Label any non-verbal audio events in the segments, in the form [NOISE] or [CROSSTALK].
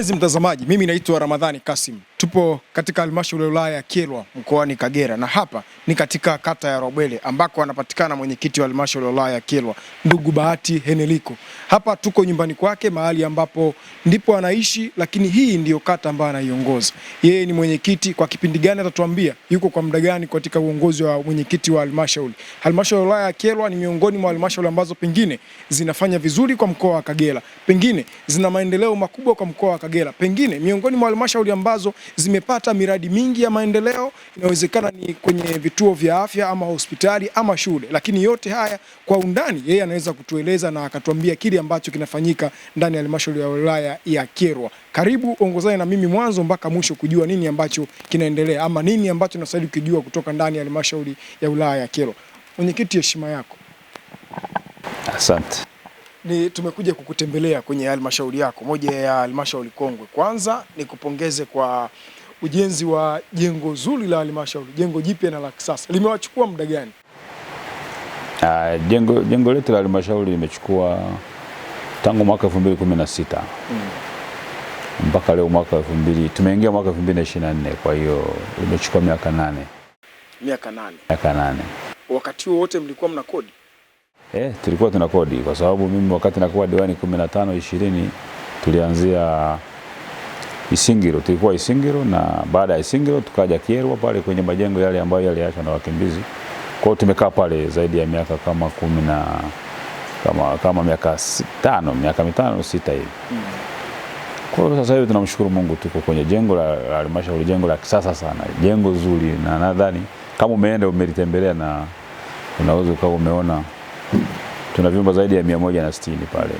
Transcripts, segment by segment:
Mpenzi mtazamaji, mimi naitwa Ramadhani Kasim. Tupo katika halmashauri ya wilaya ya Kyerwa mkoani Kagera, na hapa ni katika kata ya Rwabwele ambako anapatikana mwenyekiti wa halmashauri ya wilaya ya Kyerwa ndugu Bahati Heneliko. Hapa tuko nyumbani kwake, mahali ambapo ndipo anaishi, lakini hii ndiyo kata ambayo anaiongoza yeye. Ni mwenyekiti kwa kipindi gani, atatuambia yuko kwa muda gani katika uongozi wa mwenyekiti wa halmashauri. Halmashauri ya wilaya ya Kyerwa ni miongoni mwa halmashauri ambazo pengine zinafanya vizuri kwa mkoa wa Kagera, pengine zina maendeleo makubwa kwa mkoa wa Kagera, pengine miongoni mwa halmashauri ambazo zimepata miradi mingi ya maendeleo, inawezekana ni kwenye vituo vya afya ama hospitali ama shule, lakini yote haya kwa undani yeye anaweza kutueleza na akatuambia kile ambacho kinafanyika ndani ya halmashauri ya wilaya ya Kyerwa. Karibu ongozane na mimi mwanzo mpaka mwisho kujua nini ambacho kinaendelea ama nini ambacho tunastahili kujua kutoka ndani ya halmashauri ya wilaya ya Kyerwa. Mwenyekiti, heshima yako. Asante. Ni tumekuja kukutembelea kwenye halmashauri yako, moja ya halmashauri kongwe. Kwanza ni kupongeze kwa ujenzi wa jengo zuri la halmashauri, jengo jipya na la kisasa. Limewachukua muda gani? Uh, jengo jengo letu la halmashauri limechukua tangu mwaka 2016 mm. mpaka leo mwaka 2000 tumeingia mwaka 2024, kwa hiyo limechukua miaka nane. Miaka nane. Miaka nane. Wakati wote mlikuwa mna kodi? eh, tulikuwa tuna kodi kwa sababu mimi wakati nakuwa diwani 15 20 tulianzia Isingiro, tulikuwa Isingiro na baada ya Isingiro tukaja Kyerwa pale kwenye majengo yale ambayo yaliachwa na wakimbizi. Kwa hiyo tumekaa pale zaidi ya miaka kama kumi na kama, kama miaka tano miaka mitano sita hivi. Kwa hiyo sasa hivi tunamshukuru Mungu tuko kwenye jengo la halmashauri, jengo la kisasa sana, jengo zuri, na nadhani kama umeenda umelitembelea na unaweza ukawa umeona tuna vyumba zaidi ya mia moja na sitini pale.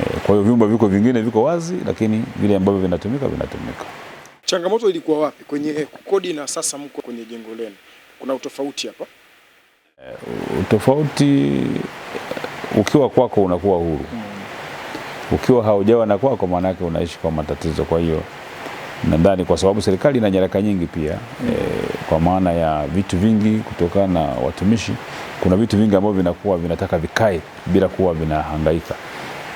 Eh, kwa hiyo vyumba viko vingine viko wazi, lakini vile ambavyo vinatumika vinatumika. Changamoto ilikuwa wapi kwenye kukodi na sasa mko kwenye jengo lenu, kuna utofauti hapa? Eh, utofauti ukiwa kwako unakuwa huru, hmm. ukiwa haujawa na kwako maanake unaishi kwa matatizo, kwa hiyo nadhani kwa sababu serikali ina nyaraka nyingi pia mm. E, kwa maana ya vitu vingi kutokana na watumishi, kuna vitu vingi ambavyo vinakuwa vinataka vikae bila kuwa vinahangaika.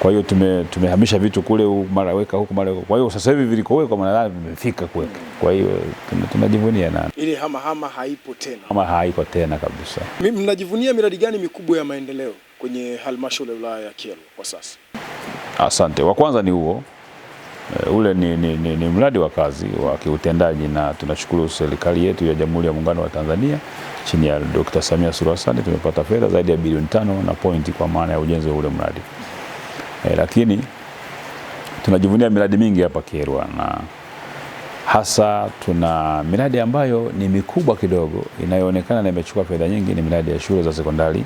Kwa hiyo tume, tumehamisha vitu kule, mara weka huku, mara weka. Kwa hiyo sasa hivi vilikowekwa nadhani vimefika kuweka. Kwa hiyo tunajivunia na ili hama hama haipo tena, hama haipo tena kabisa. Mnajivunia miradi gani mikubwa ya maendeleo kwenye halmashauri ya wilaya ya Kyerwa kwa sasa? Asante, wa kwanza ni huo Eh, ule ni, ni, ni, ni mradi wa kazi wa kiutendaji na tunashukuru serikali yetu ya Jamhuri ya Muungano wa Tanzania chini ya Dr. Samia Suluhu Hassan tumepata fedha zaidi ya bilioni tano na pointi kwa maana ya ujenzi wa ule mradi e, lakini tunajivunia miradi mingi hapa Kyerwa na hasa tuna miradi ambayo ni mikubwa kidogo inayoonekana na imechukua fedha nyingi, ni miradi ya shule za sekondari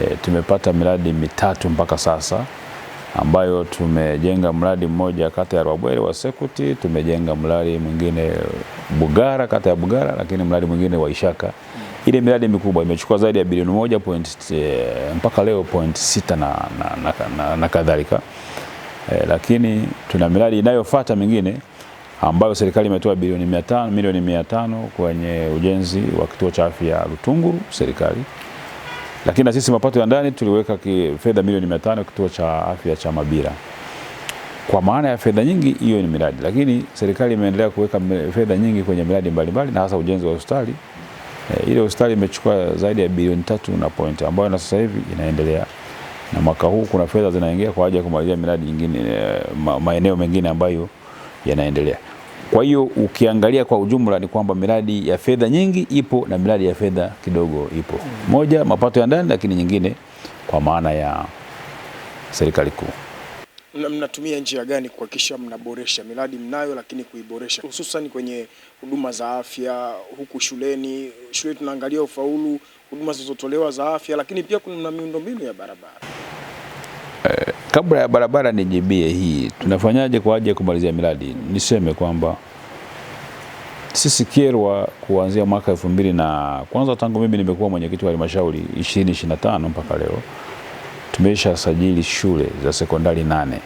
e, tumepata miradi mitatu mpaka sasa ambayo tumejenga mradi mmoja kata ya Rwabwere wa Sekuti, tumejenga mradi mwingine Bugara kata ya Bugara, lakini mradi mwingine wa Ishaka. Ile miradi mikubwa imechukua zaidi ya bilioni moja point, eh, mpaka leo point sita na, na, na, na, na kadhalika e, lakini tuna miradi inayofuata mingine ambayo serikali imetoa bilioni 500 milioni 500 kwenye ujenzi wa kituo cha afya Rutunguru serikali lakini na sisi mapato ya ndani tuliweka fedha milioni mia tano kituo cha afya cha Mabira. Kwa maana ya fedha nyingi, hiyo ni miradi, lakini serikali imeendelea kuweka fedha nyingi kwenye miradi mbalimbali na hasa ujenzi wa hospitali. E, ile hospitali imechukua zaidi ya bilioni tatu na point ambayo na sasa hivi inaendelea na mwaka huu kuna fedha zinaingia kwa ajili ya kumalizia miradi eh, ma, maeneo mengine ambayo yanaendelea. Kwa hiyo ukiangalia kwa ujumla ni kwamba miradi ya fedha nyingi ipo na miradi ya fedha kidogo ipo, moja mapato ya ndani, lakini nyingine kwa maana ya serikali kuu. Mnatumia njia gani kuhakikisha mnaboresha miradi mnayo, lakini kuiboresha hususan kwenye huduma za afya huku shuleni? Shule tunaangalia ufaulu huduma zilizotolewa za afya, lakini pia kuna miundombinu ya barabara kabla ya barabara nijibie hii, tunafanyaje kwa ajili ya kumalizia miradi? Niseme kwamba sisi Kyerwa kuanzia mwaka elfu mbili na kwanza, tangu mimi nimekuwa mwenyekiti wa halmashauri 2025 mpaka leo tumeisha sajili shule za sekondari nane,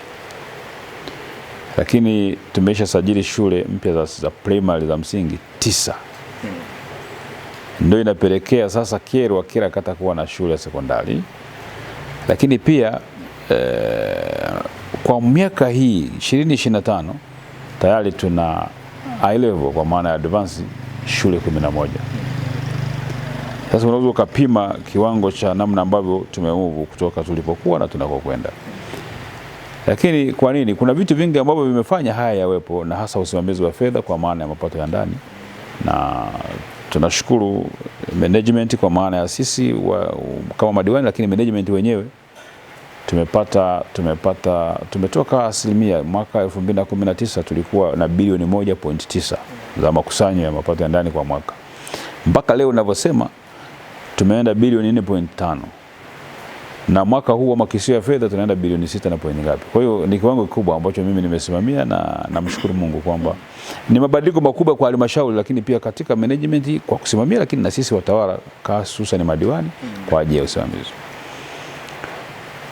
lakini tumeisha sajili shule mpya za, za primary za msingi tisa. Ndio inapelekea sasa Kyerwa kila kata kuwa na shule ya sekondari, lakini pia Eh, kwa miaka hii 2025 tayari tuna high level kwa maana ya advance shule 11. Sasa unaweza ukapima kiwango cha namna ambavyo tumemuvu kutoka tulipokuwa na tunakokwenda. Lakini kwa nini? Kuna vitu vingi ambavyo vimefanya haya yawepo, na hasa usimamizi wa fedha kwa maana ya mapato ya ndani, na tunashukuru management kwa maana ya sisi wa, kama madiwani, lakini management wenyewe tumepata tumepata tumetoka asilimia mwaka 2019 tulikuwa na bilioni 1.9 za makusanyo ya mapato ya ndani kwa mwaka, mpaka leo ninavyosema tumeenda bilioni 4.5 na mwaka huu wa makisio ya fedha tunaenda bilioni 6 na point ngapi. Kwa hiyo ni kiwango kikubwa ambacho mimi nimesimamia, na namshukuru Mungu kwamba ni mabadiliko makubwa kwa halmashauri, lakini pia katika management kwa kusimamia, lakini na sisi watawala hususan madiwani kwa ajili ya usimamizi.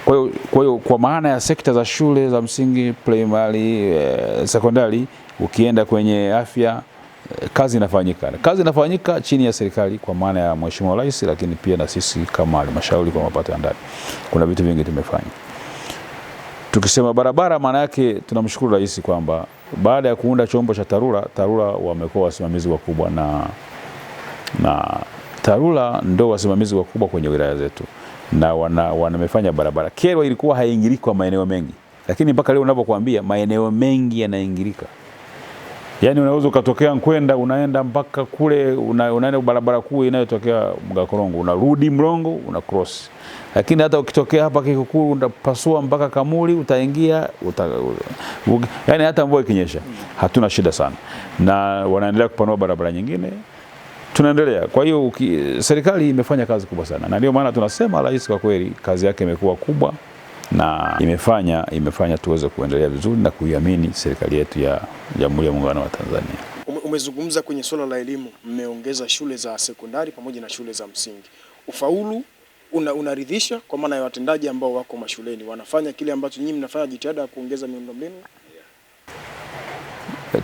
Kwa hiyo kwa hiyo kwa maana ya sekta za shule za msingi, primary, eh, sekondari, ukienda kwenye afya eh, kazi inafanyika. Kazi inafanyika chini ya serikali kwa maana ya Mheshimiwa Rais, lakini pia na sisi kama halmashauri kwa mapato ya ndani. Kuna vitu vingi tumefanya. Tukisema barabara, maana yake tunamshukuru Rais kwamba baada ya kuunda chombo cha TARURA, TARURA wamekuwa wasimamizi wakubwa na na TARURA ndo wasimamizi wakubwa kwenye wilaya zetu na wana, barabara. Kyerwa ilikuwa haiingiliki kwa maeneo mengi, lakini mpaka leo unavyokuambia maeneo mengi yanaingilika. Yaani unaweza ukatokea Nkwenda unaenda mpaka kule una, unaenda barabara kuu inayotokea Mgakorongo unarudi Mrongo una cross, lakini hata ukitokea hapa Kikukuru utapasua mpaka Kamuli utaingia uta, yaani hata mvua ikinyesha hatuna shida sana, na wanaendelea kupanua barabara nyingine tunaendelea. Kwa hiyo serikali imefanya kazi kubwa sana, na ndio maana tunasema rais kwa kweli kazi yake imekuwa kubwa na imefanya imefanya tuweze kuendelea vizuri na kuiamini serikali yetu ya Jamhuri ya Muungano wa Tanzania. Umezungumza kwenye suala la elimu, mmeongeza shule za sekondari pamoja na shule za msingi. Ufaulu una, unaridhisha kwa maana ya watendaji ambao wako mashuleni wanafanya kile ambacho nyinyi mnafanya jitihada ya kuongeza miundombinu?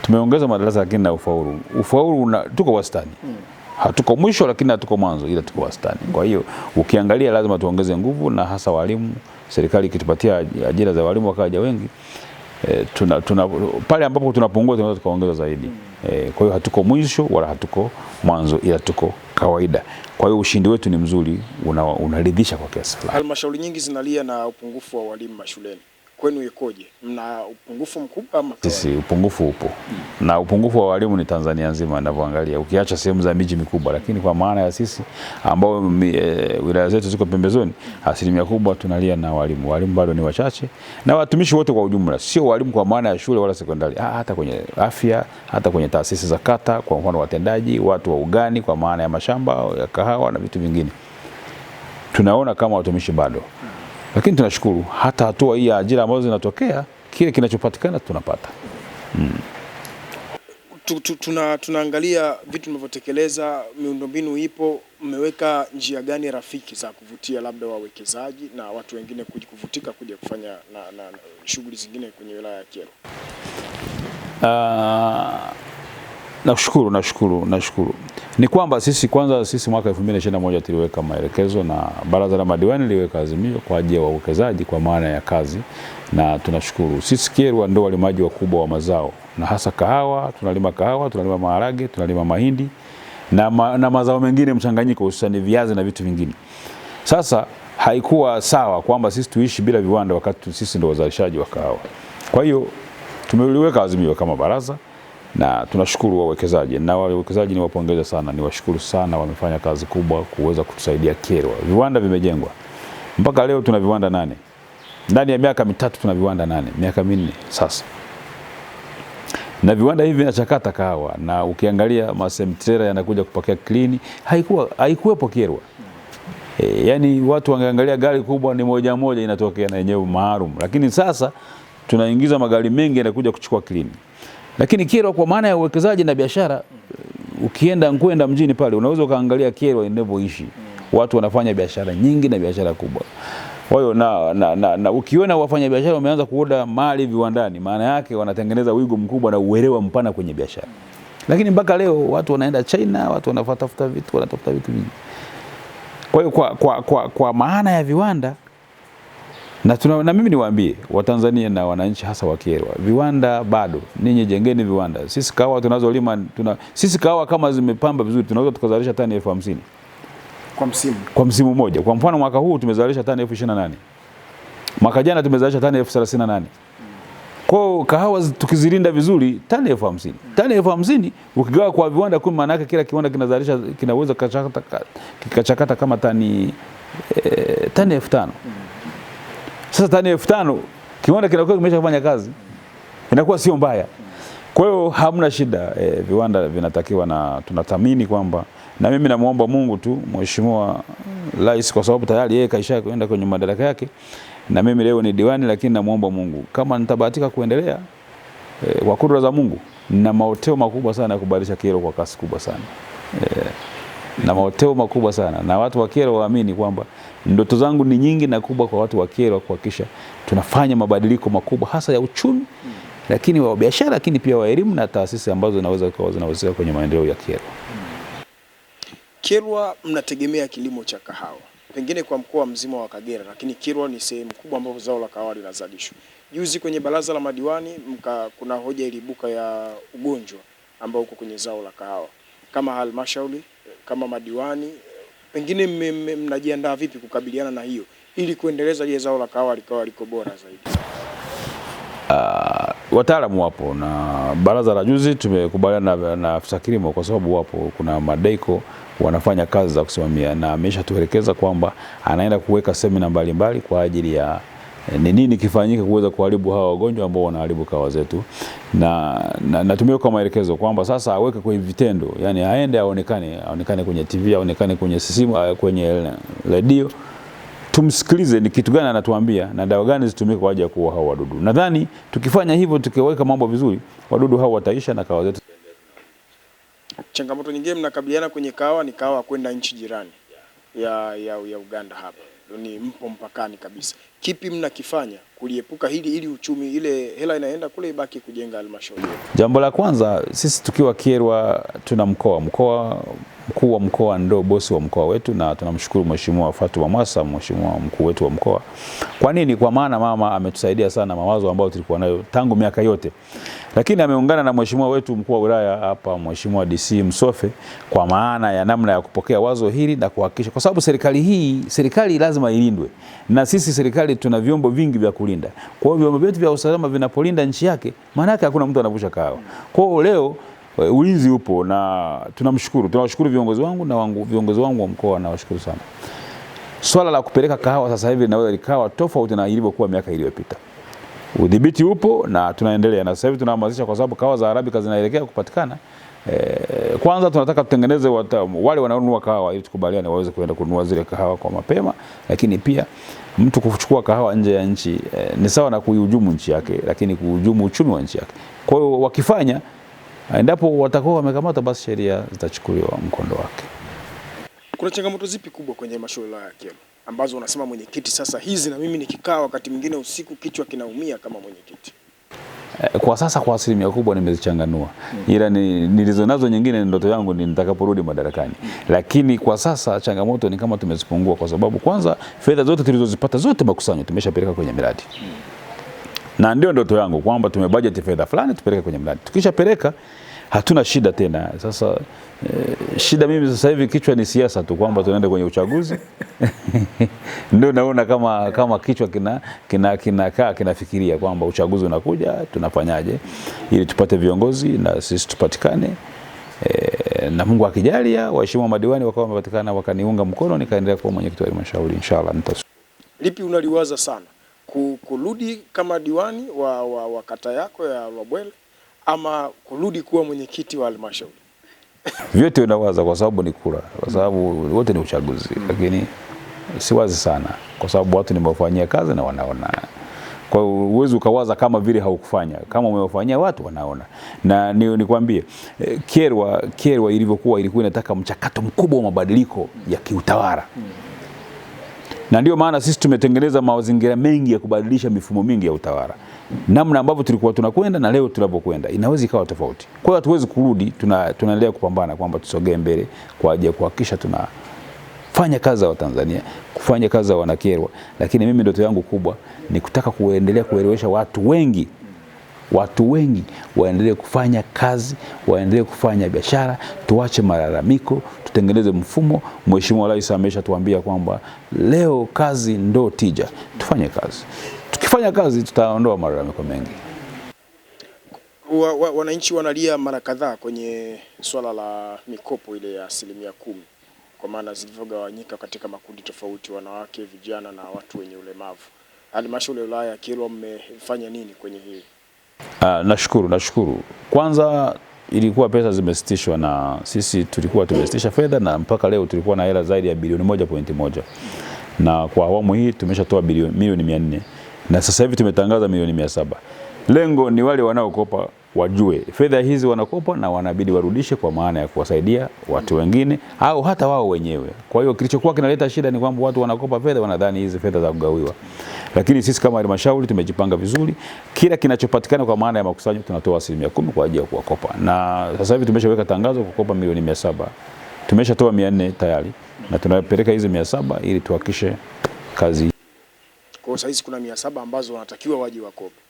Tumeongeza madarasa lakini na ufaulu ufaulu una, tuko wastani hmm hatuko mwisho, lakini hatuko mwanzo, ila tuko wastani. Kwa hiyo ukiangalia, lazima tuongeze nguvu, na hasa walimu, serikali ikitupatia ajira za walimu wakaja wengi E, tuna, tuna, pale ambapo tunapungua tunaweza tukaongeza zaidi e. Kwa hiyo hatuko mwisho wala hatuko mwanzo ila tuko kawaida. Kwa hiyo ushindi wetu ni mzuri, unaridhisha una kwa kiasi fulani. Halmashauri nyingi zinalia na upungufu wa walimu mashuleni kwenu ikoje? Mna upungufu mkubwa ama? Sisi upungufu upo hmm. na upungufu wa walimu ni Tanzania nzima ninavyoangalia, ukiacha sehemu za miji mikubwa, lakini kwa maana ya sisi ambao e, wilaya zetu ziko pembezoni, asilimia kubwa tunalia na walimu. Walimu bado ni wachache na watumishi wote kwa ujumla, sio walimu kwa maana ya shule wala sekondari, ah, hata kwenye afya, hata kwenye taasisi za kata, kwa mfano watendaji, watu wa ugani, kwa maana ya mashamba ya kahawa na vitu vingine, tunaona kama watumishi bado hmm lakini tunashukuru hata hatua hii ya ajira ambazo zinatokea, kile kinachopatikana tunapata mm. Tuna, tunaangalia vitu mnavyotekeleza, miundombinu ipo, mmeweka njia gani rafiki za kuvutia labda wawekezaji na watu wengine kuvutika kuja kufanya na, na, na shughuli zingine kwenye wilaya ya Kyerwa? Uh, ah, Nashukuru, nashukuru, nashukuru. Ni kwamba sisi kwanza, sisi mwaka 2021 tuliweka maelekezo na baraza la madiwani liweka azimio kwa ajili ya wawekezaji kwa maana ya kazi, na tunashukuru sisi Kyerwa ndio walimaji wakubwa wa mazao na hasa kahawa. Tunalima kahawa, tunalima maharage, tunalima mahindi na, ma, na mazao mengine mchanganyiko, hususani viazi na vitu vingine. Sasa haikuwa sawa kwamba sisi tuishi bila viwanda wakati sisi ndio wazalishaji wa kahawa. Kwa hiyo tumeliweka azimio kama baraza na tunashukuru wawekezaji na wawekezaji, niwapongeze sana, niwashukuru sana, wamefanya kazi kubwa kuweza kutusaidia Kyerwa. Viwanda vimejengwa mpaka leo tuna viwanda nane, ndani ya miaka mitatu tuna viwanda nane, miaka minne sasa, na viwanda hivi vinachakata kahawa, na ukiangalia masemtrela yanakuja kupokea klini, haikuwa haikuwepo Kyerwa. E, yani watu wangeangalia gari kubwa ni moja moja inatokea na yenyewe maalum, lakini sasa tunaingiza magari mengi yanakuja kuchukua klini lakini Kyerwa kwa maana ya uwekezaji na biashara, ukienda Nkwenda mjini pale unaweza ukaangalia Kyerwa inavyoishi, watu wanafanya biashara nyingi na biashara kubwa. Kwa hiyo na, na, na, na ukiona biashara wameanza kuoda mali viwandani, maana yake wanatengeneza wigo mkubwa na uelewa mpana kwenye biashara. Lakini mpaka leo watu wanaenda China, watu wanatafuta vitu, wanatafuta vitu vingi. Kwa hiyo kwa, kwa, kwa, kwa maana ya viwanda na, tuna, na mimi niwaambie Watanzania na wananchi hasa Wakyerwa, viwanda bado, ninyi jengeni viwanda. Sisi kahawa tunazolima tuna, sisi kahawa kama zimepamba vizuri tunaweza tukazalisha tani elfu hamsini kwa msimu, kwa msimu mmoja. Kwa mfano mwaka huu tumezalisha tani elfu ishirini na nane mwaka jana tumezalisha tani elfu thelathini na nane Kwa kahawa tukizilinda vizuri tani elfu hamsini tani elfu hamsini ukigawa kwa viwanda kumi, maana yake kila kiwanda kinazalisha kinaweza kachakata kama tani e, tani elfu tano sasa tani elfu tano kiwanda kinakuwa kimesha kufanya kazi, inakuwa sio mbaya. Kwa hiyo hamna shida e, viwanda vinatakiwa na tunathamini kwamba na mimi namuomba Mungu tu Mheshimiwa Rais, kwa sababu tayari yeye kaisha kwenda kwenye madaraka yake, na mimi leo ni diwani, lakini namuomba Mungu kama nitabahatika kuendelea e, kwa kudura za Mungu na maoteo makubwa sana ya kubadilisha Kyerwa kwa kasi kubwa sana e, na maoteo makubwa sana na watu wa Kyerwa waamini kwamba Ndoto zangu ni nyingi na kubwa kwa watu wa Kyerwa kuhakikisha tunafanya mabadiliko makubwa hasa ya uchumi lakini wa biashara lakini pia wa elimu na taasisi ambazo zinaweza kuwa zinahusika kwenye maendeleo ya Kyerwa. Kyerwa mnategemea kilimo cha kahawa pengine kwa mkoa mzima wa Kagera, lakini Kyerwa ni sehemu kubwa ambapo zao la kahawa linazalishwa. Juzi kwenye baraza la madiwani mka, kuna hoja ilibuka ya ugonjwa ambao uko kwenye zao la kahawa. Kama halmashauri, kama madiwani pengine mnajiandaa vipi kukabiliana na hiyo ili kuendeleza ile zao la kahawa likawa liko bora zaidi? Uh, wataalamu wapo na baraza la juzi tumekubaliana na, na afisa kilimo kwa sababu wapo, kuna madeiko wanafanya kazi za kusimamia na ameshatuelekeza kwamba anaenda kuweka semina mbalimbali kwa ajili ya Eh, ni nini kifanyike kuweza kuharibu hawa wagonjwa ambao wanaharibu kawa zetu, na natumia na kwa maelekezo kwamba sasa aweke kwenye vitendo, yani aende aonekane, aonekane kwenye TV, aonekane kwenye simu, eh, kwenye redio, tumsikilize ni kitu gani anatuambia na dawa gani zitumike kwa ajili ya kuua hao wadudu. Nadhani tukifanya hivyo, tukiweka mambo vizuri, wadudu hao wataisha na kawa zetu. Changamoto nyingine mnakabiliana kwenye kawa ni kawa kwenda nchi jirani ya, ya, ya Uganda hapa ni mpo mpakani kabisa kipi mnakifanya kuliepuka hili ili uchumi ile hela inaenda kule ibaki kujenga halmashauri? Jambo la kwanza, sisi tukiwa Kyerwa tuna mkoa mkoa mkuu wa mkoa ndo bosi wa mkoa wetu, na tunamshukuru Mheshimiwa Fatuma Mwasa, mheshimiwa mkuu wetu wa mkoa. Kwa nini? Kwa maana mama ametusaidia sana mawazo ambayo tulikuwa nayo tangu miaka yote, lakini ameungana na mheshimiwa wetu mkuu wa wilaya hapa, Mheshimiwa DC Msofe, kwa maana ya namna ya kupokea wazo hili na kuhakikisha, kwa sababu serikali hii, serikali lazima ilindwe, na sisi serikali tuna vyombo vingi vya kulinda. Kwa hiyo vyombo vyetu vya usalama vinapolinda nchi yake, maana yake hakuna mtu anavusha kahawa. Kwa hiyo leo Eh, ulinzi upo na tunamshukuru, tunawashukuru viongozi wangu na wangu, viongozi wangu wa mkoa nawashukuru sana. Swala la kupeleka kahawa sasa hivi linaweza likawa tofauti na ilivyokuwa miaka iliyopita. Udhibiti upo na tunaendelea, na sasa hivi tunahamasisha, kwa sababu kahawa za Arabica zinaelekea kupatikana. E, kwanza tunataka tutengeneze wale wanaonunua kahawa ili tukubaliane waweze kwenda kununua zile kahawa kwa mapema, lakini pia mtu kuchukua kahawa nje ya nchi e, ni sawa na kuihujumu nchi yake, lakini kuhujumu uchumi wa nchi yake. Kwa hiyo wakifanya Ah, endapo watakuwa wamekamata, basi sheria zitachukuliwa mkondo wake. Kuna changamoto zipi kubwa kwenye halmashauri ya Kyela ambazo unasema mwenyekiti, sasa hizi na mimi nikikaa wakati mwingine usiku kichwa kinaumia kama mwenyekiti? Eh, kwa sasa kwa asilimia kubwa nimezichanganua, mm-hmm. ila nilizonazo nyingine, ndoto yangu ni nitakaporudi madarakani. Mm-hmm. Lakini kwa sasa changamoto ni kama tumezipungua, kwa sababu kwanza fedha zote tulizozipata zote makusanyo tumeshapeleka kwenye miradi. Mm-hmm na ndio ndoto yangu kwamba tumebudget fedha fulani tupeleke kwenye mradi, tukishapeleka hatuna shida tena. Sasa eh, shida mimi sasa hivi kichwa ni siasa tu, kwamba tunaenda kwenye uchaguzi [LAUGHS] ndio naona kama, kama kichwa kinakaa kina, kina, kina, kinafikiria kwamba uchaguzi unakuja, tunafanyaje ili tupate viongozi na sisi tupatikane. E, na Mungu akijalia waheshimiwa madiwani wakawa wamepatikana wakaniunga mkono nikaendelea kuwa mwenyekiti wa halmashauri inshallah. Nita lipi unaliwaza sana kurudi kama diwani wa, wa, wa kata yako ya Lwabwele ama kurudi kuwa mwenyekiti wa halmashauri? Vyote unawaza kwa sababu ni kura, kwa sababu wote ni uchaguzi hmm. Lakini si wazi sana, kwa sababu watu nimewafanyia kazi na wanaona. Kwa uwezo uwezi ukawaza kama vile haukufanya, kama umewafanyia watu wanaona. Na nikwambie ni eh, Kyerwa, Kyerwa ilivyokuwa ilikuwa inataka mchakato mkubwa wa mabadiliko ya kiutawala hmm na ndio maana sisi tumetengeneza mazingira mengi ya kubadilisha mifumo mingi ya utawala. Namna ambavyo tulikuwa tunakwenda na leo tunapokwenda inaweza ikawa tofauti. Kwa hiyo hatuwezi kurudi, tunaendelea tuna kupambana kwamba tusogee mbele kwa ajili ya kuhakikisha tunafanya kazi za Watanzania, kufanya kazi za Wanakyerwa, lakini mimi ndoto yangu kubwa ni kutaka kuendelea kuelewesha watu wengi watu wengi waendelee kufanya kazi, waendelee kufanya biashara, tuache malalamiko, tutengeneze mfumo. Mheshimiwa Rais ameshatuambia kwamba leo kazi ndo tija, tufanye kazi. Tukifanya kazi, tutaondoa malalamiko mengi. Wa, wa, wananchi wanalia mara kadhaa kwenye swala la mikopo ile ya asilimia kumi kwa maana zilivyogawanyika katika makundi tofauti, wanawake, vijana na watu wenye ulemavu. Halmashauri ya wilaya ya Kilwa mmefanya nini kwenye hili? Uh, nashukuru nashukuru. Kwanza ilikuwa pesa zimesitishwa na sisi tulikuwa tumesitisha fedha na mpaka leo tulikuwa na hela zaidi ya bilioni moja pointi moja na kwa awamu hii tumeshatoa bilioni milioni mia nne na sasa hivi tumetangaza milioni mia saba. Lengo ni wale wanaokopa wajue fedha hizi wanakopa na wanabidi warudishe, kwa maana ya kuwasaidia watu wengine au hata wao wenyewe. Kwa hiyo kilichokuwa kinaleta shida ni kwamba watu wanakopa fedha, wanadhani hizi fedha za kugawiwa, lakini sisi kama halmashauri tumejipanga vizuri, kila kinachopatikana kwa maana ya makusanyo tunatoa asilimia kumi kwa ajili ya kuwakopa, na sasa hivi tumeshaweka tangazo kukopa milioni mia saba tumeshatoa mia nne tayari na tunapeleka hizi mia saba ili tuhakishe kazi. Kwa hiyo sasa hizi kuna mia saba ambazo wanatakiwa waje wakope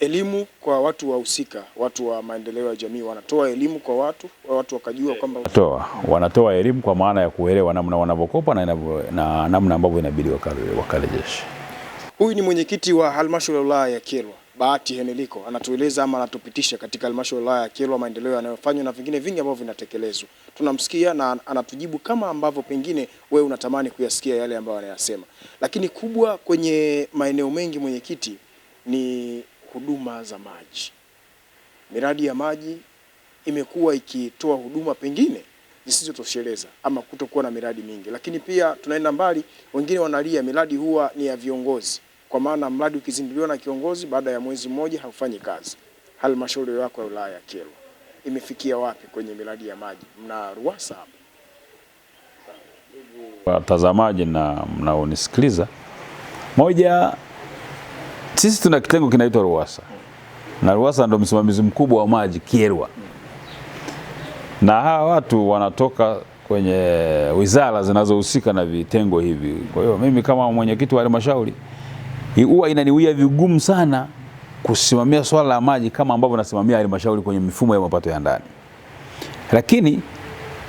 elimu kwa watu wahusika, watu wa maendeleo ya jamii wanatoa elimu kwa watu, watu wakajua eh. kwamba toa wanatoa elimu kwa maana ya kuelewa namna wanavyokopa na, na namna ambavyo inabidi wakarejeshe. Huyu ni mwenyekiti wa halmashauri ya wilaya ya Kyerwa Bahati Heneliko anatueleza ama anatupitisha katika halmashauri ya Kyerwa maendeleo yanayofanywa na vingine vingi ambavyo vinatekelezwa. Tunamsikia na anatujibu kama ambavyo pengine wewe unatamani kuyasikia yale ambayo anayasema, lakini kubwa kwenye maeneo mengi mwenyekiti ni huduma za maji. Miradi ya maji imekuwa ikitoa huduma pengine zisizotosheleza ama kutokuwa na miradi mingi, lakini pia tunaenda mbali, wengine wanalia miradi huwa ni ya viongozi, kwa maana mradi ukizinduliwa na kiongozi baada ya mwezi mmoja haufanyi kazi. Halmashauri yako ya wilaya ya Kyerwa imefikia wapi kwenye miradi ya maji? Mna ruhusa hapo? Watazamaji na mnaonisikiliza, moja sisi tuna kitengo kinaitwa RUWASA na RUWASA ndo msimamizi mkubwa wa maji Kierwa, na hawa watu wanatoka kwenye wizara zinazohusika na vitengo hivi. Kwa hiyo mimi kama mwenyekiti wa halmashauri huwa inaniwia vigumu sana kusimamia swala la maji kama ambavyo nasimamia halmashauri kwenye mifumo ya mapato ya ndani, lakini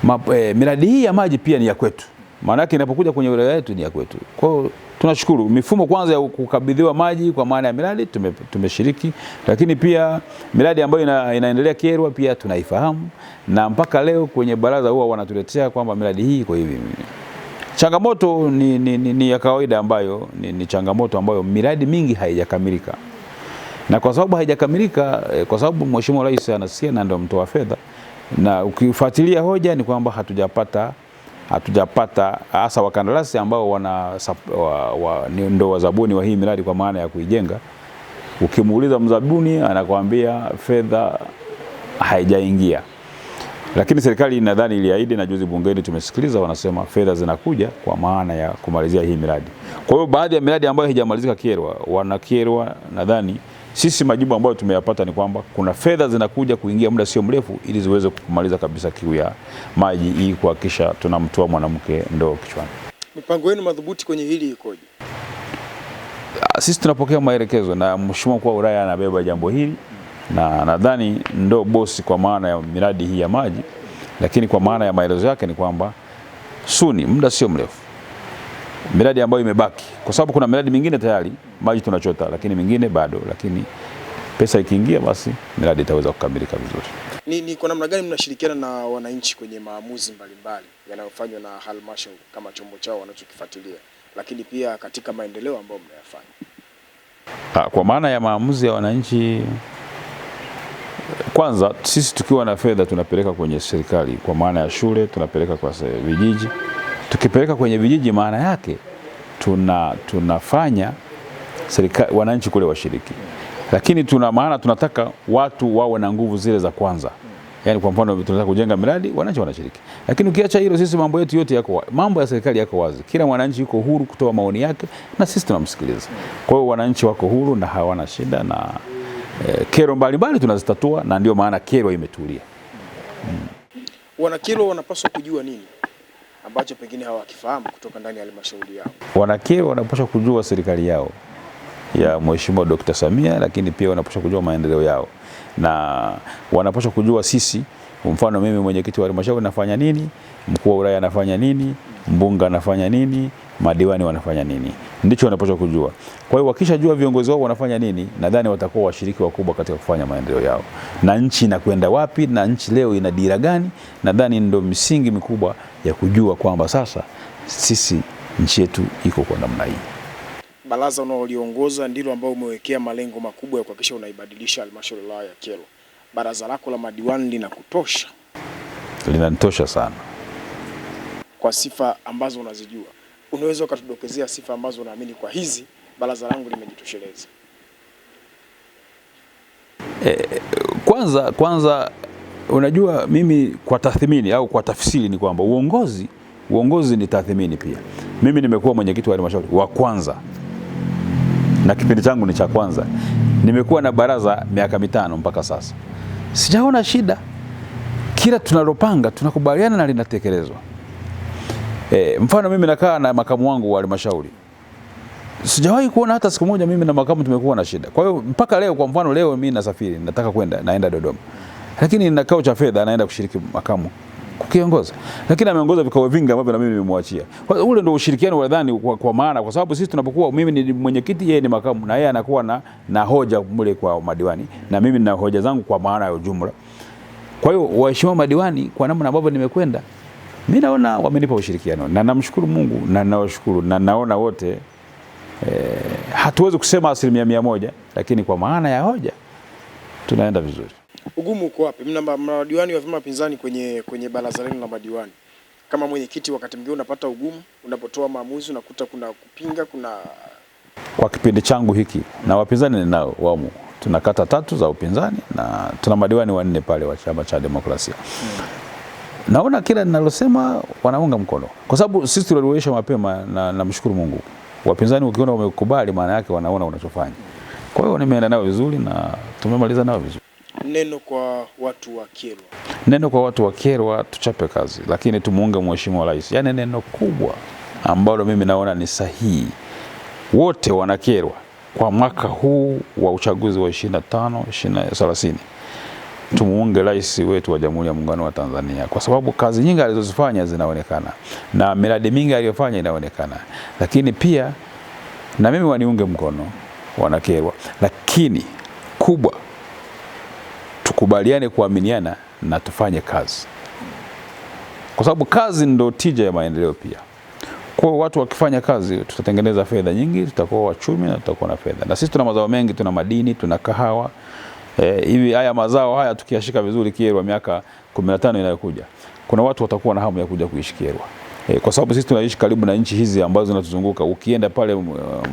ma, e, miradi hii ya maji pia ni ya kwetu, maana yake inapokuja kwenye wilaya yetu ni ya kwetu. Kwa hiyo tunashukuru mifumo kwanza ya kukabidhiwa maji kwa maana ya miradi tumeshiriki, tume lakini pia miradi ambayo ina, inaendelea Kyerwa pia tunaifahamu, na mpaka leo kwenye baraza huwa wanatuletea kwamba miradi hii kwa hivi. Changamoto ni, ni, ni, ni ya kawaida ambayo ni, ni changamoto ambayo miradi mingi haijakamilika, na kwa sababu haijakamilika, eh, kwa sababu Mheshimiwa Rais anasikia na ndio mtoa fedha, na ukifuatilia hoja ni kwamba hatujapata hatujapata hasa wakandarasi ambao wana wa, wa, ndio wazabuni wa hii miradi kwa maana ya kuijenga. Ukimuuliza mzabuni anakwambia fedha haijaingia, lakini serikali nadhani iliahidi, na juzi bungeni tumesikiliza wanasema fedha zinakuja kwa maana ya kumalizia hii miradi. Kwa hiyo baadhi ya miradi ambayo haijamalizika Kyerwa, wana Kyerwa nadhani sisi majibu ambayo tumeyapata ni kwamba kuna fedha zinakuja kuingia muda sio mrefu, ili ziweze kumaliza kabisa kiu ya maji hii, kuhakikisha tunamtoa mwanamke ndoo kichwani. Mipango yenu madhubuti kwenye hili ikoje? Ah, sisi tunapokea maelekezo na mheshimiwa mkuu wa wilaya anabeba jambo hili, na nadhani ndo bosi kwa maana ya miradi hii ya maji, lakini kwa maana ya maelezo yake ni kwamba suni muda sio mrefu miradi ambayo imebaki, kwa sababu kuna miradi mingine tayari maji tunachota, lakini mingine bado, lakini pesa ikiingia, basi miradi itaweza kukamilika vizuri. Ni, ni kwa namna gani mnashirikiana na wananchi kwenye maamuzi mbalimbali yanayofanywa na halmashauri kama chombo chao wanachokifuatilia, lakini pia katika maendeleo ambayo mnayafanya? Ah, kwa maana ya maamuzi ya wananchi, kwanza sisi tukiwa na fedha tunapeleka kwenye serikali, kwa maana ya shule tunapeleka kwa vijiji Tukipeleka kwenye vijiji, maana yake tuna tunafanya serikali, wananchi kule washiriki, lakini tuna maana tunataka watu wawe na nguvu zile za kwanza. Yani kwa mfano tunataka kujenga miradi, wananchi wanashiriki. Lakini ukiacha hilo, sisi mambo yetu yote yako, mambo ya serikali yako wazi, kila mwananchi yuko huru kutoa maoni yake na sisi tunamsikiliza. Kwa hiyo wananchi wako huru na hawana shida na e, kero mbalimbali tunazitatua, na ndio maana kero imetulia. Hmm. Wanakero wanapaswa kujua nini? ambacho pengine hawakifahamu kutoka ndani ya halmashauri yao. Wanakewe wanapaswa kujua serikali yao ya Mheshimiwa Dr. Samia, lakini pia wanapaswa kujua maendeleo yao na wanapaswa kujua sisi, mfano mimi mwenyekiti wa halmashauri nafanya nini, mkuu wa wilaya anafanya nini mbunge anafanya nini, madiwani wanafanya nini, ndicho wanapaswa kujua. Kwa hiyo wakishajua viongozi wao wanafanya nini, nadhani watakuwa washiriki wakubwa katika kufanya maendeleo yao, na nchi inakwenda wapi, na nchi leo ina dira gani. Nadhani ndio misingi mikubwa ya kujua kwamba sasa sisi nchi yetu iko kwa namna hii. Baraza unaoliongoza ndilo ambao umewekea malengo makubwa ya kuhakikisha unaibadilisha halmashauri ya wilaya ya Baraza lako la madiwani linakutosha? Linanitosha sana kwa sifa ambazo unazijua. Unaweza ukatudokezea sifa ambazo unaamini kwa hizi baraza langu limejitosheleza? Eh, kwanza kwanza, unajua mimi kwa tathmini au kwa tafsiri ni kwamba uongozi uongozi ni tathmini pia. Mimi nimekuwa mwenyekiti wa halmashauri wa kwanza na kipindi changu ni cha kwanza. Nimekuwa na baraza miaka mitano mpaka sasa, sijaona shida. Kila tunalopanga tunakubaliana na linatekelezwa. E, mfano mimi nakaa na makamu wangu wa halmashauri sijawahi kuona hata siku moja mimi na makamu tumekuwa na shida. Kwa hiyo mpaka leo, kwa mfano leo mimi nasafiri, nataka kwenda, naenda Dodoma, lakini nina kikao cha fedha naenda kushiriki makamu kukiongoza, lakini ameongoza vikao vingi ambavyo na mimi nimemwachia. Ule ndio ushirikiano wa dhani kwa, kwa maana kwa sababu sisi tunapokuwa, mimi ni mwenyekiti, yeye ni makamu, na yeye anakuwa na, na hoja mule kwa madiwani na mimi na hoja zangu kwa maana ya ujumla. Kwa hiyo waheshimiwa madiwani, kwa namna ambavyo nimekwenda mimi naona wamenipa ushirikiano na namshukuru Mungu na nawashukuru na naona wote eh, hatuwezi kusema asilimia mia moja, lakini kwa maana ya hoja tunaenda vizuri. Ugumu uko wapi? Madiwani wa vyama pinzani kwenye, kwenye baraza lenu la madiwani, kama mwenyekiti, wakati mwingine unapata ugumu unapotoa maamuzi, unakuta kuna kupinga, kuna kwa kipindi changu hiki na wapinzani ninao wamo, tuna kata tatu za upinzani na tuna madiwani wanne pale wa chama cha demokrasia hmm naona kila ninalosema wanaunga mkono, kwa sababu sisi tulionyesha mapema na namshukuru Mungu. Wapinzani ukiona wamekubali, maana yake wanaona unachofanya. Kwa hiyo nimeenda nao vizuri na tumemaliza nao vizuri. Neno kwa watu wa Kyerwa, neno kwa watu wa Kyerwa, tuchape kazi, lakini tumuunge mheshimiwa rais. Yaani neno kubwa ambalo mimi naona ni sahihi, wote wanakerwa kwa mwaka huu wa uchaguzi wa 25 30 tumuunge rais wetu wa Jamhuri ya Muungano wa Tanzania, kwa sababu kazi nyingi alizozifanya zinaonekana na miradi mingi aliyofanya inaonekana, lakini pia na mimi waniunge mkono wanakerwa, lakini kubwa tukubaliane kuaminiana na tufanye kazi, kwa sababu kazi ndio tija ya maendeleo pia. Kwa watu wakifanya kazi, tutatengeneza fedha nyingi, tutakuwa wachumi na tutakuwa na fedha, na sisi tuna mazao mengi, tuna madini, tuna kahawa Eh, hivi haya mazao haya tukiyashika vizuri Kyerwa miaka 15 inayokuja, kuna watu watakuwa na hamu ya kuja kuishi Kyerwa eh, kwa sababu sisi tunaishi karibu na nchi hizi ambazo zinatuzunguka. Ukienda pale uh,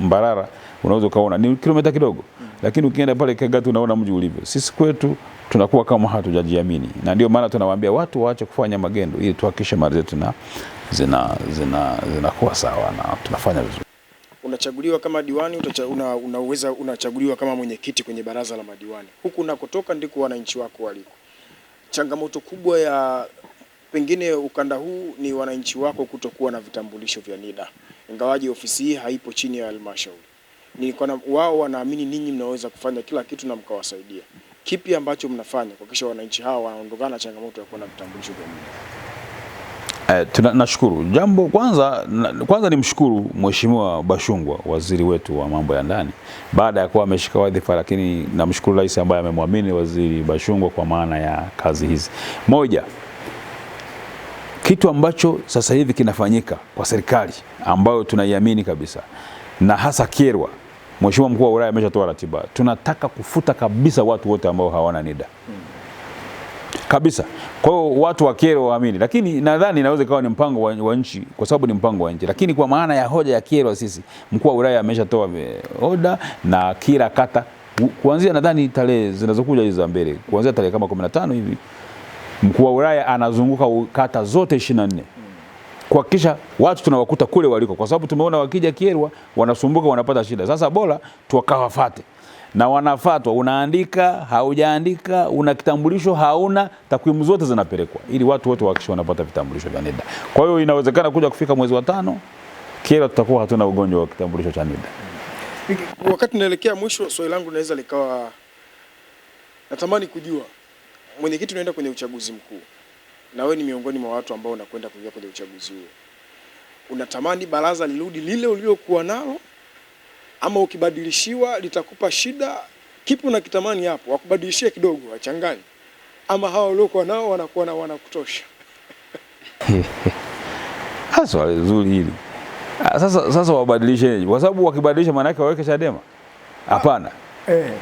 Mbarara unaweza ukaona ni kilomita kidogo, lakini ukienda pale Kagatu unaona mji ulivyo. Sisi kwetu tunakuwa kama hatujajiamini, na ndio maana tunawaambia watu waache kufanya magendo ili tuhakikishe mali zetu zina zinakuwa zina, zina sawa na tunafanya vizuri unachaguliwa kama diwani una, unaweza unachaguliwa kama mwenyekiti kwenye baraza la madiwani. Huku unakotoka ndiko wananchi wako waliko. Changamoto kubwa ya pengine ukanda huu ni wananchi wako kutokuwa na vitambulisho vya NIDA, ingawaji ofisi hii haipo chini ya halmashauri. Ni wao wanaamini ninyi mnaweza kufanya kila kitu na mkawasaidia. Kipi ambacho mnafanya kuhakikisha wananchi hawa wanaondokana na changamoto ya kuwa na vitambulisho vya NIDA? Eh, tunashukuru jambo kwanza, kwanza nimshukuru Mheshimiwa Bashungwa waziri wetu wa mambo ya ndani baada ya kuwa ameshika wadhifa, lakini namshukuru rais ambaye amemwamini waziri Bashungwa kwa maana ya kazi hizi. Moja, kitu ambacho sasa hivi kinafanyika kwa serikali ambayo tunaiamini kabisa na hasa Kyerwa, Mheshimiwa mkuu wa wilaya ameshatoa ratiba, tunataka kufuta kabisa watu wote ambao hawana NIDA kabisa. Kwa hiyo watu wa waamini, lakini nadhani inaweza ikawa ni mpango wa, wa nchi, kwa sababu ni mpango wa nchi. Lakini kwa maana ya hoja ya Kyerwa, sisi mkuu wa wilaya ameshatoa oda na kila kata kuanzia nadhani tarehe zinazokuja hizo za mbele, kuanzia tarehe kama 15 hivi mkuu wa wilaya anazunguka kata zote 24 kuhakikisha watu tunawakuta kule waliko, kwa sababu tumeona wakija Kyerwa wanasumbuka, wanapata shida. Sasa bora tuwakawafate na wanafatwa, unaandika haujaandika, una kitambulisho hauna, takwimu zote zinapelekwa ili watu wote wahakikishe wanapata vitambulisho vya NIDA. Kwa hiyo inawezekana kuja kufika mwezi wa tano kila tutakuwa hatuna ugonjwa wa kitambulisho cha NIDA. Wakati naelekea mwisho, swali langu linaweza likawa, natamani kujua mwenyekiti, unaenda kwenye uchaguzi mkuu na wewe ni miongoni mwa watu ambao unakwenda kuingia kwenye uchaguzi huo, unatamani baraza lirudi lile uliokuwa nalo ama ukibadilishiwa litakupa shida. Kipi unakitamani hapo, wakubadilishie kidogo, wachanganye, ama hawa waliokuwa nao wanakuwa na wanakutosha. [LAUGHS] Ah, swali zuri hili. Ah, sasa, sasa wabadilishe, kwa sababu wakibadilisha maana yake waweke Chadema? Hapana, ah, eh.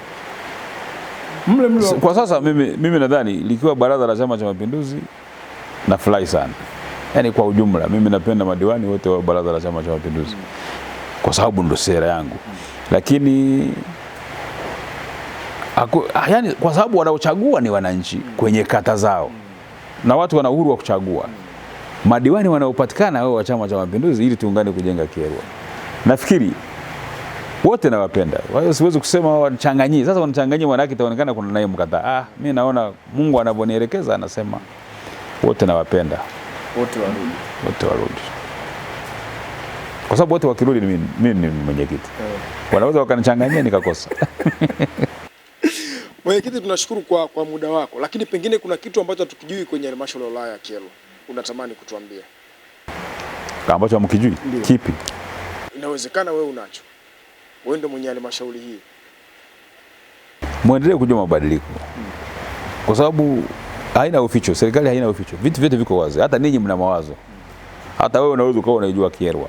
Mle mle kwa sasa mimi, mimi nadhani likiwa baraza la Chama cha Mapinduzi nafurahi sana, yaani kwa ujumla mimi napenda madiwani wote wa baraza la Chama cha Mapinduzi kwa sababu ndo sera yangu, lakini aku, yani, kwa sababu wanaochagua ni wananchi kwenye kata zao, na watu wana uhuru wa kuchagua madiwani wanaopatikana wao wa Chama cha Mapinduzi, ili tuungane kujenga Kyerwa. Nafikiri wote nawapenda, kwa hiyo siwezi kusema wanachanganyii. Sasa wanichanganyie, maanake itaonekana kuna naye mkataa. Ah, mi naona Mungu anavyonielekeza anasema wote nawapenda, wote warudi, wote warudi kwa sababu wote wakirudi ni mimi mimi ni mwenyekiti wanaweza wakanichanganyia nikakosa. [LAUGHS] Mwenyekiti, tunashukuru kwa, kwa muda wako, lakini pengine kuna kitu ambacho hatukijui kwenye halmashauri ya wilaya ya Kyela unatamani kutuambia ambacho hamkijui? Kipi? Inawezekana wewe unacho, wewe ndio mwenye halmashauri hii. Muendelee kujua mabadiliko hmm. kwa sababu haina uficho, serikali haina uficho, vitu vyote viko wazi. Hata ninyi mna mawazo, hata wewe unaweza ukawa unaijua Kyerwa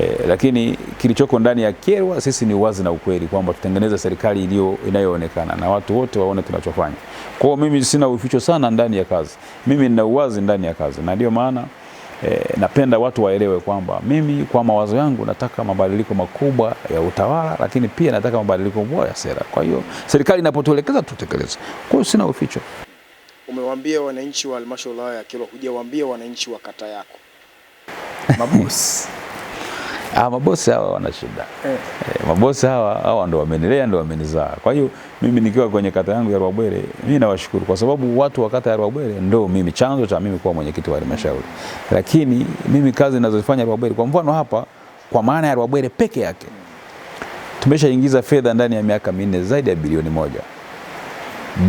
E, lakini kilichoko ndani ya Kyerwa sisi ni uwazi na ukweli kwamba tutengeneze serikali iliyo inayoonekana na watu wote waone tunachofanya. Kwa hiyo mimi sina uficho sana ndani ya kazi, mimi nina uwazi ndani ya kazi, na ndio maana e, napenda watu waelewe kwamba mimi kwa mawazo yangu nataka mabadiliko makubwa ya utawala, lakini pia nataka mabadiliko makubwa ya sera. Kwa hiyo serikali inapotuelekeza tutekeleze. Kwa hiyo sina uficho. Umewaambia wananchi wa halmashauri ya Kyerwa, hujawaambia wananchi wa kata yako [LAUGHS] mabosi Ah, mabosi hawa wana shida eh. Eh, mabosi hawa hawa ndo wamenilea ndo wamenizaa. Kwa hiyo mimi nikiwa kwenye kata yangu ya Rwabwere, mimi nawashukuru kwa sababu watu wa kata ya Rwabwere ndo mimi chanzo cha mimi kuwa mwenyekiti wa halmashauri. Lakini mimi kazi ninazofanya Rwabwere, kwa mfano hapa, kwa maana ya Rwabwere peke yake tumeshaingiza fedha ndani ya miaka minne zaidi ya bilioni moja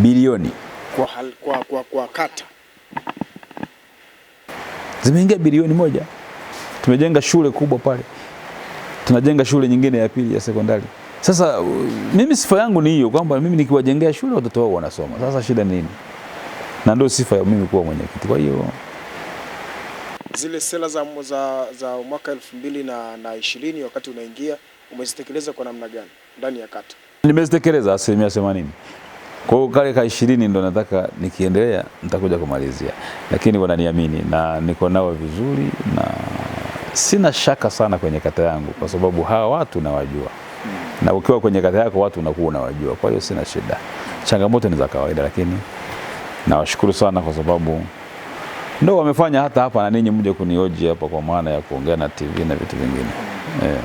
bilioni kwa, kwa, kwa, kwa kata zimeingia bilioni moja. Tumejenga shule kubwa pale tunajenga shule nyingine ya pili ya sekondari. Sasa mimi sifa yangu ni hiyo kwamba mimi nikiwajengea shule watoto wao wanasoma. Sasa shida ni nini? Na ndio sifa ya mimi kuwa mwenyekiti. Kwa hiyo zile sera za, za, za mwaka elfu mbili na, na ishirini wakati unaingia umezitekeleza kwa namna gani ndani ya kata? Nimezitekeleza asilimia themanini. Kwa hiyo kale ka ishirini ndo nataka nikiendelea nitakuja kumalizia, lakini wananiamini na niko nao vizuri na Sina shaka sana kwenye kata yangu kwa sababu hawa watu nawajua, na ukiwa kwenye kata yako watu unakuwa unawajua, kwa hiyo sina shida. Changamoto ni za kawaida, lakini nawashukuru sana kwa sababu ndo wamefanya hata hapa na ninyi mje kunioji hapa kwa maana ya kuongea na TV na vitu vingine. Eh,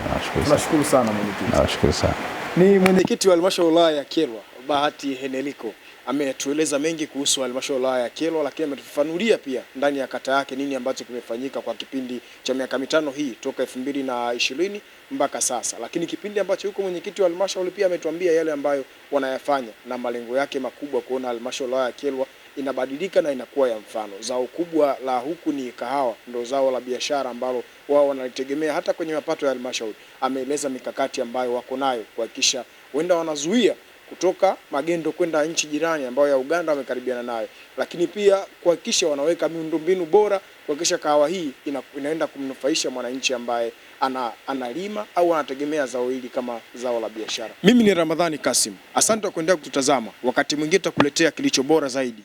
nashukuru sana mwenyekiti. Nawashukuru sana. Ni mwenyekiti wa halmashauri ya Kyerwa Bahati heneliko ametueleza mengi kuhusu halmashauri ya Kyerwa, lakini ametufafanulia pia ndani ya kata yake nini ambacho kimefanyika kwa kipindi cha miaka mitano hii toka elfu mbili na ishirini mpaka sasa. Lakini kipindi ambacho yuko mwenyekiti wa halmashauri pia ametuambia yale ambayo wanayafanya na malengo yake makubwa, kuona halmashauri ya Kyerwa inabadilika na inakuwa ya mfano. Zao kubwa la huku ni kahawa, ndo zao la biashara ambalo wao wanalitegemea hata kwenye mapato ya halmashauri. Ameeleza mikakati ambayo wako nayo kuhakikisha wenda wanazuia kutoka magendo kwenda nchi jirani ambayo ya Uganda wamekaribiana nayo, lakini pia kuhakikisha wanaweka miundombinu bora kuhakikisha kahawa hii ina, inaenda kumnufaisha mwananchi ambaye ana, analima au anategemea zao hili kama zao la biashara. Mimi ni Ramadhani Kasim, asante kwa kuendelea kututazama. Wakati mwingine tutakuletea kilicho bora zaidi.